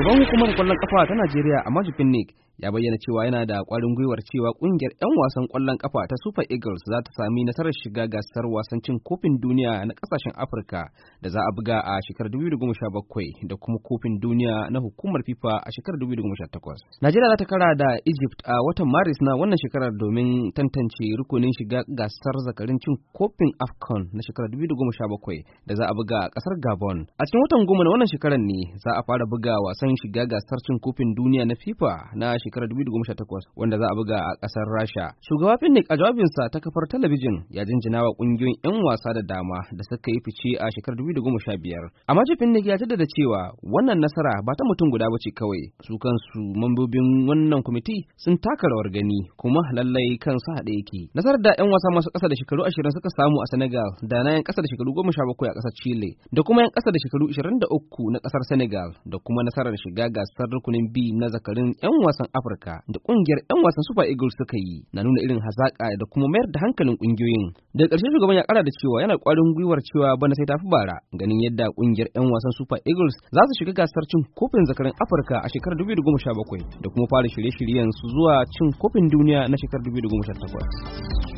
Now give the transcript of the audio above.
Shugaban hukumar kwallon kafa ta Najeriya a Majufin Nick ya bayyana cewa yana da kwarin gwiwar cewa kungiyar 'yan wasan kwallon kafa ta Super Eagles za ta sami nasarar shiga gasar wasan cin kofin duniya na kasashen Afirka da za a buga a shekarar 2017 da kuma kofin duniya na hukumar FIFA a shekarar 2018. Najeriya za ta kara da Egypt a watan Maris na wannan shekarar domin tantance rukunin shiga gasar zakarin cin kofin AFCON na shekarar 2017 da za a buga a kasar Gabon. A cikin watan goma na wannan shekarar ne za a fara buga wasan kan shiga gasar cin kofin duniya na FIFA na shekarar 2018 wanda za a buga a kasar Rasha. Shugaba Finnick a jawabinsa ta kafar talabijin ya jinjina wa kungiyoyin 'yan wasa da dama da suka yi fice a shekarar 2015. Amma Finnick ya tada da cewa wannan nasara ba ta mutum guda bace kawai. Su kansu mambobin wannan kwamiti sun taka rawar gani kuma lallai kansu haɗe yake. Nasarar da 'yan wasa masu ƙasa da shekaru 20 suka samu a Senegal da na 'yan ƙasa da shekaru 17 a ƙasar Chile da kuma 'yan ƙasa da shekaru 23 na ƙasar Senegal da kuma nasarar shiga gasar rukunin B na zakarin 'yan wasan Afirka da kungiyar 'yan wasan Super Eagles suka yi na nuna irin hazaka da kuma mayar da hankalin kungiyoyin. Daga ƙarshe shugaban ya kara da cewa yana kwarin gwiwar cewa bana sai tafi bara ganin yadda kungiyar 'yan wasan Super Eagles za su shiga gasar cin kofin zakarin Afirka a shekarar 2017 da kuma fara shirye-shiryen su zuwa cin kofin duniya na shekarar 2018.